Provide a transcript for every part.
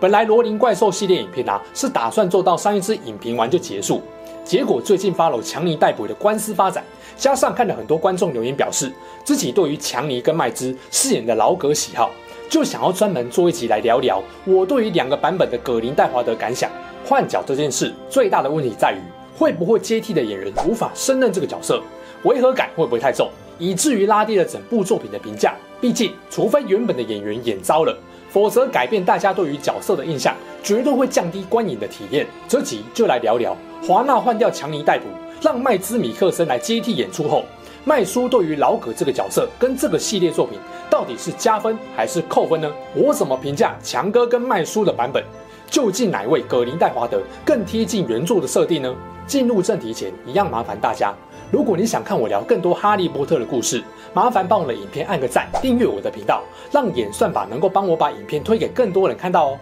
本來《羅琳怪獸》系列影片啊，是打算做到上一支影評完就結束。結果最近 follow 強尼戴普的官司發展，加上看了很多觀眾留言，表示自己對於強尼跟邁茲飾演的老葛喜好，就想要專門做一集來聊聊我對於兩個版本的葛林戴華德感想。換角這件事最大的問題在於，會不會接替的演員無法勝任這個角色，違和感會不會太重，以至於拉低了整部作品的評價？畢竟，除非原本的演員演糟了。否則，改變大家對於角色的印象，絕對會降低觀影的體驗。這集就來聊聊華納換掉強尼戴普，讓麥茲米克森來接替演出後，麥叔對於老葛這個角色跟這個系列作品，到底是加分還是扣分呢？我怎麼評價強哥跟麥叔的版本？究竟，哪位葛林戴華德更貼近原著的設定呢？進入正題前，一樣麻煩大家。如果你想看我聊更多《哈利波特》的故事，麻煩幫我的影片按個讚，訂閱我的頻道，讓演算法能夠幫我把影片推給更多人看到哦。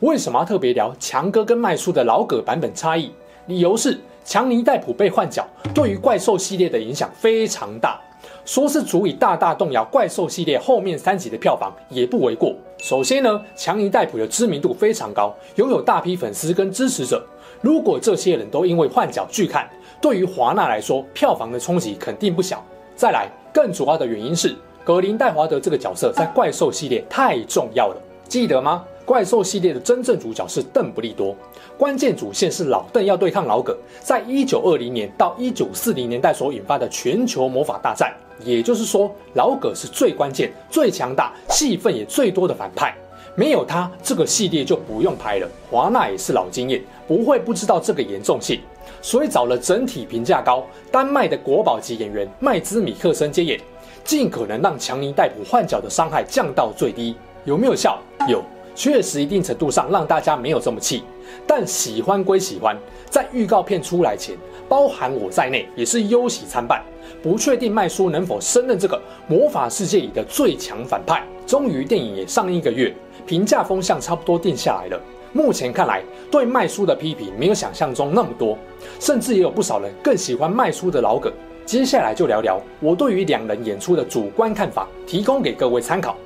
為什麼要特別聊強哥跟邁叔的老葛版本差異？理由是強尼戴普被換角，對於怪獸系列的影響非常大，說是足以大大動搖怪獸系列後面三集的票房也不為過。首先呢，強尼戴普的知名度非常高，擁有大批粉絲跟支持者。如果這些人都因為換角拒看，對於華納來說，票房的衝擊肯定不小。再來，更主要的原因是，葛林戴華德這個角色在怪獸系列太重要了，記得嗎？怪獸系列的真正主角是鄧不利多，關鍵主線是老鄧要對抗老葛，在一九二零年到一九四零年代所引發的全球魔法大戰。也就是說，老葛是最關鍵、最強大、戲份也最多的反派。沒有他，這個系列就不用拍了。華納也是老經驗，不會不知道這個嚴重性，所以找了整體評價高、丹麥的國寶級演員邁茲米克森接演，盡可能讓強尼·戴普換角的傷害降到最低。有沒有效？有，確實一定程度上讓大家沒有這麼氣。但喜歡歸喜歡，在預告片出來前，包含我在內也是憂喜參半，不確定邁叔能否勝任這個魔法世界裡的最強反派。終於，電影也上映一個月。評價風向差不多定下來了。目前看來，對邁叔的批評沒有想象中那麼多，甚至也有不少人更喜歡邁叔的老葛。接下來就聊聊我對於兩人演出的主觀看法，提供給各位參考。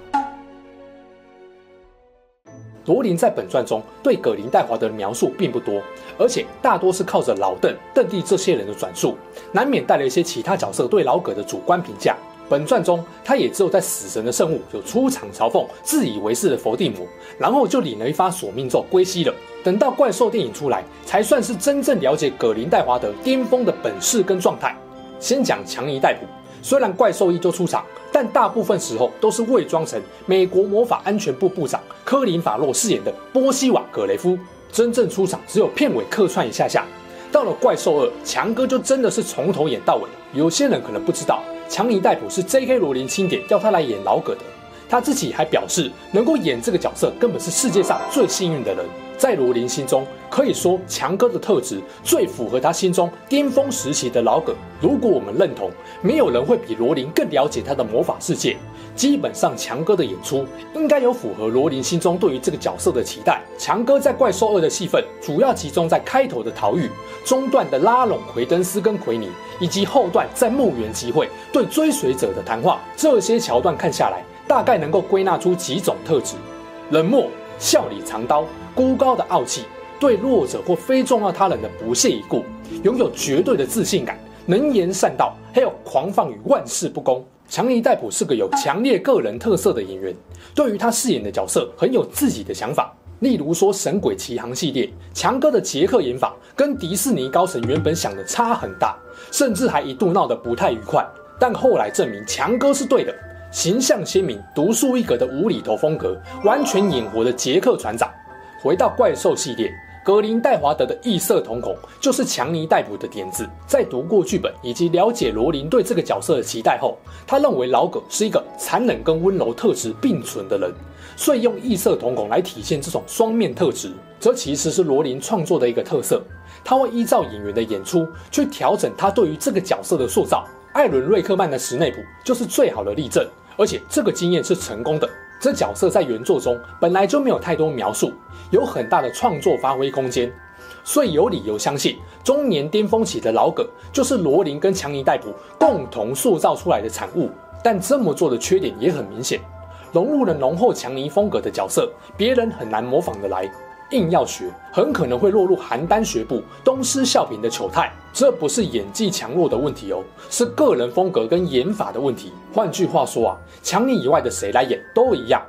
羅琳在本傳中對葛林戴華的描述並不多，而且大多是靠着老鄧、鄧弟這些人的轉述，難免帶了一些其他角色對老葛的主觀評價。本傳中，他也只有在死神的聖物有出場嘲諷自以為是的佛地魔，然後就領了一發索命咒歸西了。等到怪獸電影出來，才算是真正了解葛林戴華德巔峰的本事跟狀態。先講強尼戴普，雖然怪獸一就出場，但大部分時候都是偽裝成美國魔法安全部部長柯林法洛飾演的波西瓦葛雷夫，真正出場只有片尾客串一下下。到了怪獸二，強哥就真的是從頭演到尾。有些人可能不知道，強尼戴普是 J.K. 羅琳欽點要他來演老葛的，他自己還表示能夠演這個角色，根本是世界上最幸運的人。在羅琳心中，可以說強哥的特質最符合他心中巔峰時期的老葛。如果我們認同，沒有人會比羅琳更了解他的魔法世界。基本上，強哥的演出應該有符合羅琳心中對於這個角色的期待。強哥在《怪獸二》的戲份主要集中在開頭的逃獄、中段的拉攏魁登斯跟奎尼，以及後段在墓園集會對追隨者的談話。這些橋段看下來，大概能夠歸納出幾種特質：冷漠、笑裡藏刀、孤高的傲氣、對弱者或非重要他人的不屑一顧、擁有絕對的自信感、能言善道，還有狂放與萬世不恭。強尼戴普是個有強烈個人特色的演員，對於他飾演的角色很有自己的想法。例如說《神鬼奇航》系列，強哥的傑克演法跟迪士尼高層原本想的差很大，甚至還一度鬧得不太愉快。但後來證明強哥是對的，形象鮮明、獨樹一格的無厘頭風格，完全演活了傑克船長。回到怪獸系列。格林戴華德的異色瞳孔就是強尼戴普的點子。在讀過劇本以及了解羅琳對這個角色的期待後，他認為老葛是一個殘忍跟溫柔特質並存的人，所以用異色瞳孔來體現這種雙面特質，這其實是羅琳創作的一個特色。他會依照演員的演出去調整他對於這個角色的塑造。艾倫瑞克曼的史內普就是最好的例證，而且這個經驗是成功的。這角色在原作中本來就沒有太多描述，有很大的創作發揮空間，所以有理由相信中年巔峰期的老葛就是羅琳跟強尼戴普共同塑造出來的產物。但這麼做的缺點也很明顯，融入了濃厚強尼風格的角色，別人很難模仿得來。硬要學，很可能會落入邯鄲學步、東施效顰的醜態。這不是演技強弱的問題哦，是個人風格跟演法的問題。換句話說啊，強尼以外的誰來演都一樣。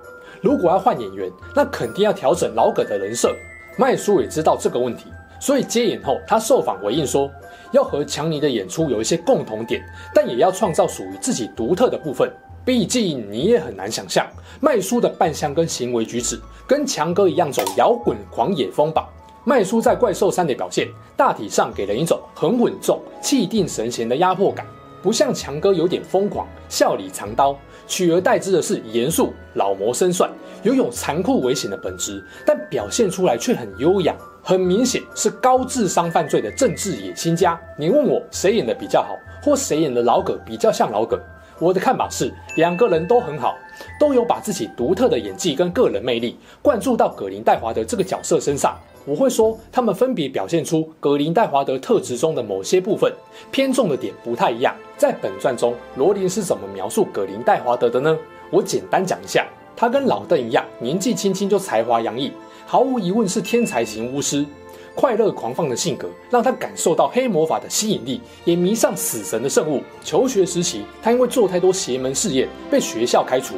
如果要換演員，那肯定要調整老葛的人設。邁叔也知道這個問題，所以接演後，他受訪回應說，要和強尼的演出有一些共同點，但也要創造屬於自己獨特的部分。畢竟你也很難想象麥叔的扮相跟行為舉止，跟強哥一樣走搖滾狂野風吧。麥叔在怪獸山的表現，大體上給人一種很穩重、氣定神閒的壓迫感，不像強哥有點瘋狂、笑裡藏刀。取而代之的是嚴肅、老謀深算，擁有，有殘酷危險的本質，但表現出來卻很優雅。很明顯是高智商犯罪的政治野心家。你問我誰演的比較好，或誰演的老葛比較像老葛？我的看法是，兩個人都很好，都有把自己獨特的演技跟個人魅力灌注到葛林戴華德這個角色身上。我會說，他們分別表現出葛林戴華德特質中的某些部分，偏重的點不太一樣。在本傳中，羅琳是怎麼描述葛林戴華德的呢？我簡單講一下，他跟老鄧一樣，年紀輕輕就才華洋溢，毫無疑問是天才型巫師。快樂狂放的性格讓他感受到黑魔法的吸引力，也迷上死神的聖物。求學時期，他因為做太多邪門事業被學校開除。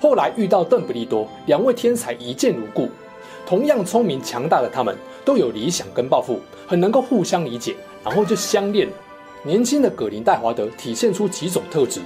後來遇到鄧不利多，兩位天才一見如故。同樣聰明強大的他們都有理想跟抱負，很能夠互相理解，然後就相戀了。年輕的葛林戴華德體現出幾種特質：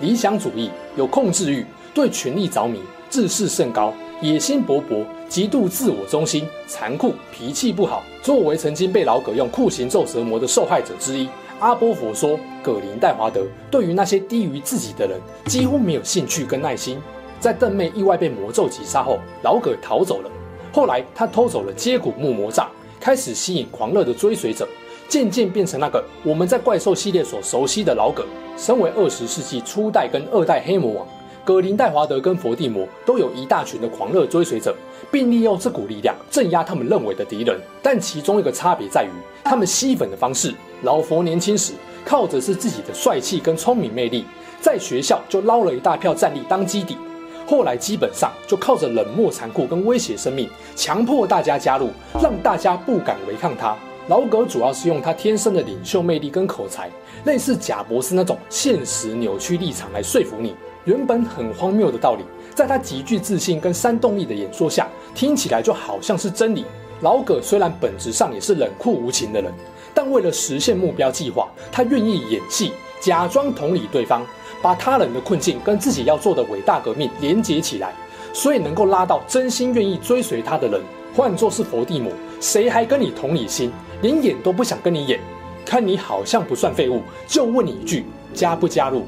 理想主義、有控制欲、對權力着迷、自視甚高、野心勃勃。極度自我中心、殘酷、脾氣不好。作為曾經被老葛用酷刑咒折磨的受害者之一，阿波佛說：“葛林戴華德對於那些低於自己的人幾乎沒有興趣跟耐心。”在鄧妹意外被魔咒擊殺後，老葛逃走了。後來他偷走了接骨木魔杖，開始吸引狂熱的追隨者，漸漸變成那個我們在怪獸系列所熟悉的老葛。身為二十世紀初代跟二代黑魔王。葛林戴華德跟佛地魔都有一大群的狂熱追隨者，並利用這股力量鎮壓他們認為的敵人。但其中一個差別在於，他們吸粉的方式：老佛年輕時靠着是自己的帥氣跟聰明魅力，在學校就撈了一大票戰力當基底，後來基本上就靠着冷漠殘酷跟威脅生命，強迫大家加入，讓大家不敢違抗他。老葛主要是用他天生的領袖魅力跟口才，類似賈伯斯那種現實扭曲力場來說服你。原本很荒謬的道理，在他極具自信跟煽動力的演說下，聽起來就好像是真理。老葛雖然本質上也是冷酷無情的人，但為了實現目標計劃，他願意演戲，假裝同理對方，把他人的困境跟自己要做的偉大革命連接起來，所以能夠拉到真心願意追隨他的人。換作是佛地魔，誰還跟你同理心？連演都不想跟你演，看你好像不算廢物，就問你一句：加不加入？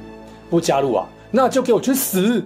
不加入啊！那就給我去死！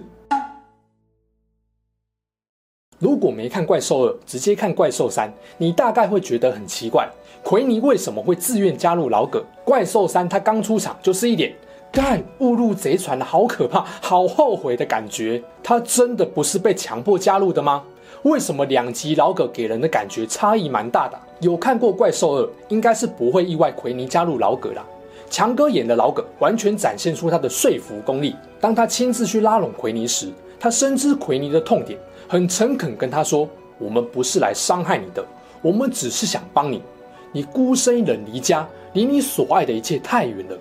如果沒看怪獸二，直接看怪獸三，你大概會覺得很奇怪：奎妮為什麼會自願加入老葛？怪獸三他剛出場就是一點干誤入賊船好可怕，好後悔的感覺。他真的不是被強迫加入的嗎？為什麼兩集老葛給人的感覺差異蠻大的？有看過怪獸二，應該是不會意外奎妮加入老葛啦。強哥演的老葛完全展現出他的說服功力。當他親自去拉攏奎尼時，他深知奎尼的痛點，很誠懇跟他說：“我們不是來傷害你的，我們只是想幫你。你孤身一人離家，離你所愛的一切太遠了。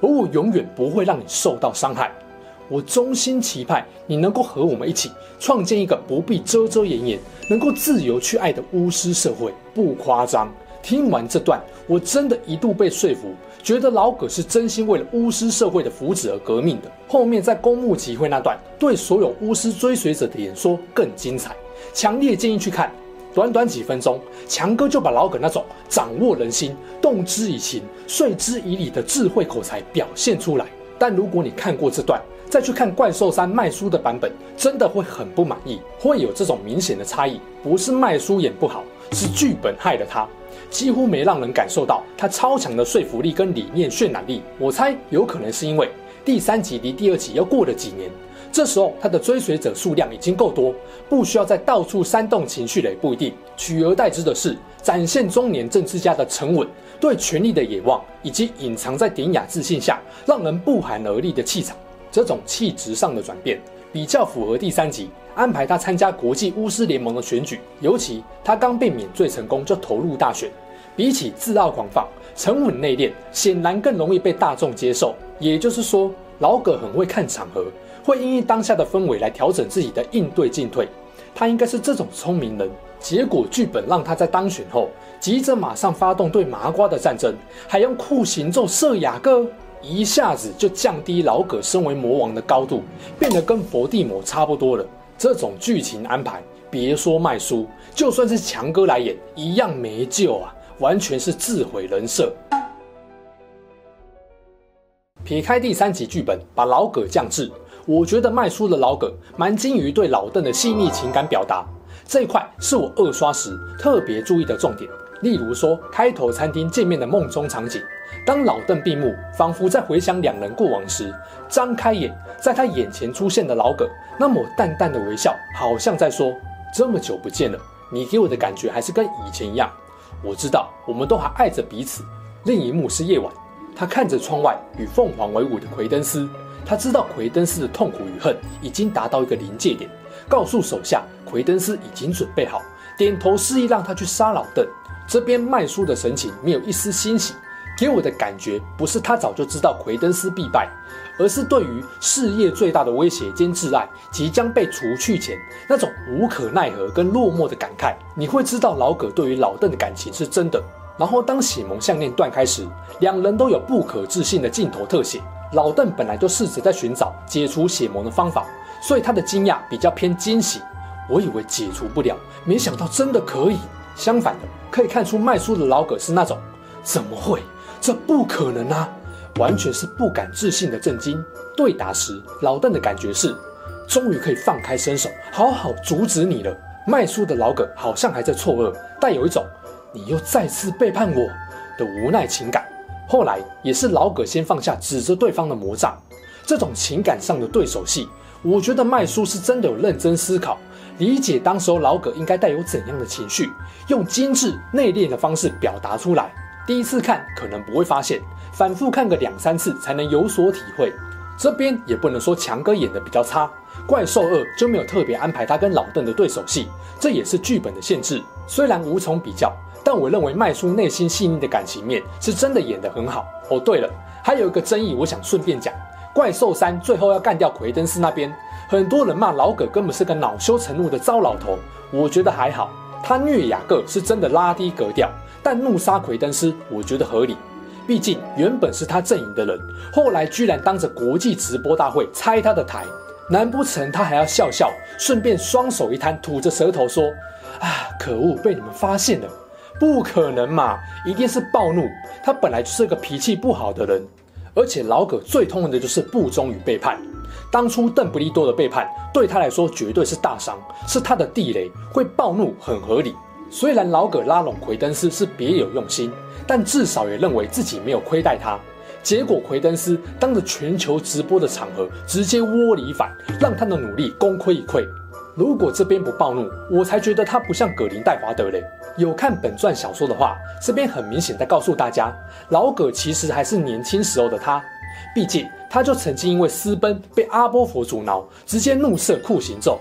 而我永遠不會讓你受到傷害。我衷心期盼你能夠和我們一起創建一個不必遮遮掩掩、能夠自由去愛的巫師社會。”不誇張，聽完這段，我真的一度被說服。覺得老葛是真心為了巫師社會的福祉而革命的。後面在公墓集會那段對所有巫師追隨者的演說更精彩，強烈建議去看。短短幾分鐘，強哥就把老葛那種掌握人心、動之以情、說之以理的智慧口才表現出來。但如果你看過這段，再去看怪獸三邁叔的版本，真的會很不滿意，會有這種明顯的差異。不是邁叔演不好，是劇本害了他。幾乎沒讓人感受到他超強的說服力跟理念渲染力。我猜有可能是因為第三集離第二集又過了幾年，這時候他的追隨者數量已經夠多，不需要再到處煽動情緒了。也不一定。取而代之的是展現中年政治家的沉穩、對權力的野望以及隱藏在典雅自信下讓人不寒而慄的氣場。這種氣質上的轉變。比較符合第三集安排他參加國際巫師聯盟的選舉，尤其他剛被免罪成功就投入大選，比起自傲狂放、沉穩內斂，顯然更容易被大眾接受。也就是說，老葛很會看場合，會因應當下的氛圍來調整自己的應對進退。他應該是這種聰明人。結果劇本讓他在當選後急着馬上發動對麻瓜的戰爭，還用酷刑咒射雅各。一下子就降低老葛身為魔王的高度，變得跟佛地魔差不多了。這種劇情安排，別說邁叔，就算是強哥來演，一樣沒救啊！完全是自毀人設。撇開第三集劇本，把老葛降智，我覺得邁叔的老葛蠻精於對老鄧的細膩情感表達，這一塊是我二刷時特別注意的重點。例如說，開頭餐廳見面的夢中場景。當老鄧閉目，仿佛在回想兩人過往時，張開眼，在他眼前出現的老葛那抹淡淡的微笑，好像在說：“這麼久不見了，你給我的感覺還是跟以前一樣。”我知道我們都還愛着彼此。另一幕是夜晚，他看着窗外與鳳凰為伍的魁登斯，他知道魁登斯的痛苦與恨已經達到一個臨界點，告訴手下魁登斯已經準備好，點頭示意讓他去殺老鄧。這邊邁叔的神情沒有一絲欣喜。給我的感覺不是他早就知道魁登斯必敗，而是對於事業最大的威脅兼摯愛即將被除去前那種無可奈何跟落寞的感慨。你會知道老葛對於老鄧的感情是真的。然後當血盟項鏈斷開時，兩人都有不可置信的鏡頭特寫。老鄧本來就試着在尋找解除血盟的方法，所以他的驚訝比較偏驚喜。我以為解除不了，沒想到真的可以。相反的，可以看出邁叔的老葛是那種怎麼會。這不可能啊！完全是不敢置信的震驚。對打時，老鄧的感覺是，終於可以放開身手，好好阻止你了。邁叔的老葛好像還在錯愕，帶有一種“你又再次背叛我”的無奈情感。後來也是老葛先放下指着對方的魔杖。這種情感上的對手戲，我覺得邁叔是真的有認真思考、理解當時候老葛應該帶有怎樣的情緒，用精緻內斂的方式表達出來。第一次看可能不會發現，反覆看個兩三次才能有所體會。這邊也不能說強哥演得比較差，怪獸二就沒有特別安排他跟老鄧的對手戲，這也是劇本的限制。雖然無從比較，但我認為邁叔內心細膩的感情面是真的演得很好。哦，對了，還有一個爭議，我想順便講：怪獸三最後要幹掉魁登斯那邊，很多人罵老葛根本是個惱羞成怒的糟老頭，我覺得還好，他虐雅各是真的拉低格調。但怒殺奎登斯，我覺得合理，畢竟原本是他陣營的人，後來居然當着國際直播大會拆他的台，難不成他還要笑笑，順便雙手一攤，吐着舌頭說：“啊，可惡，被你們發現了。」不可能嘛，一定是暴怒。他本來就是個脾氣不好的人，而且老葛最痛恨的就是不忠與背叛。當初鄧不利多的背叛對他來說絕對是大傷，是他的地雷，會暴怒很合理。雖然老葛拉攏奎登斯是別有用心，但至少也認為自己沒有虧待他。結果奎登斯當着全球直播的場合，直接窩裡反，讓他的努力功虧一簣。如果這邊不暴怒，我才覺得他不像葛林戴華德嘞。有看本傳小說的話，這邊很明顯地告訴大家，老葛其實還是年輕時候的他。畢竟他就曾經因為私奔被阿波佛阻撓，直接怒射酷刑咒。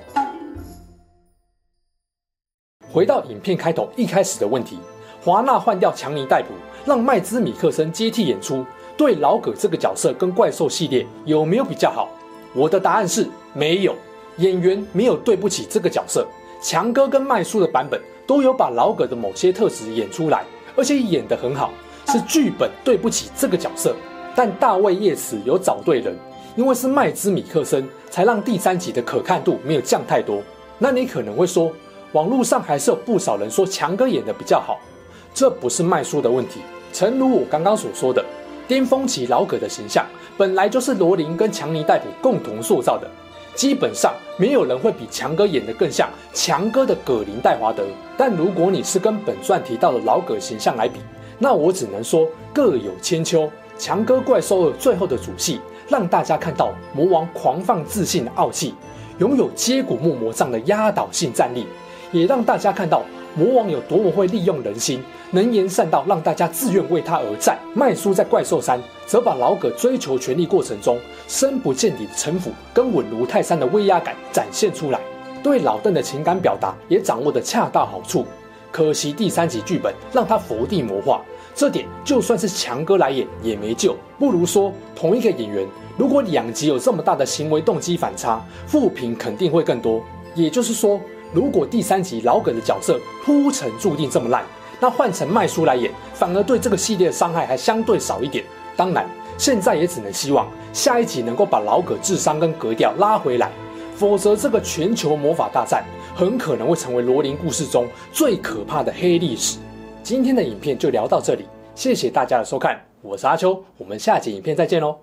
回到影片開頭一開始的問題，華納換掉強尼戴普，讓麥茲米克森接替演出，對老葛這個角色跟怪獸系列有沒有比較好？我的答案是沒有，演員沒有對不起這個角色，強哥跟麥叔的版本都有把老葛的某些特質演出來，而且演得很好，是劇本對不起這個角色。但大衛葉茨有找對人，因為是麥茲米克森，才讓第三集的可看度沒有降太多。那你可能會說。網絡上還是有不少人說強哥演的比較好，這不是賣書的問題。誠如我剛剛所說的，巔峰期老葛的形象本來就是羅琳跟強尼戴普共同塑造的，基本上沒有人會比強哥演的更像強哥的葛林戴華德。但如果你是跟本傳提到的老葛形象來比，那我只能說各有千秋。強哥怪獸二最後的主戲，讓大家看到魔王狂放自信的傲氣，擁有接骨木魔杖的壓倒性戰力。也讓大家看到魔王有多麼會利用人心，能言善道，讓大家自願為他而戰。麥叔在怪獸山則把老葛追求權力過程中深不見底的城府跟穩如泰山的威壓感展現出來，對老鄧的情感表達也掌握得恰到好處。可惜第三集劇本讓他佛地魔化，這點就算是強哥來演也沒救。不如說，同一個演員如果兩集有這麼大的行為動機反差，負評肯定會更多。也就是說。如果第三集老葛的角色鋪陳注定這麼爛，那換成麥叔來演，反而對這個系列的傷害還相對少一點。當然，現在也只能希望下一集能夠把老葛智商跟格調拉回來，否則這個全球魔法大戰很可能會成為羅琳故事中最可怕的黑歷史。今天的影片就聊到這裡，謝謝大家的收看，我是阿秋，我們下集影片再見嘍。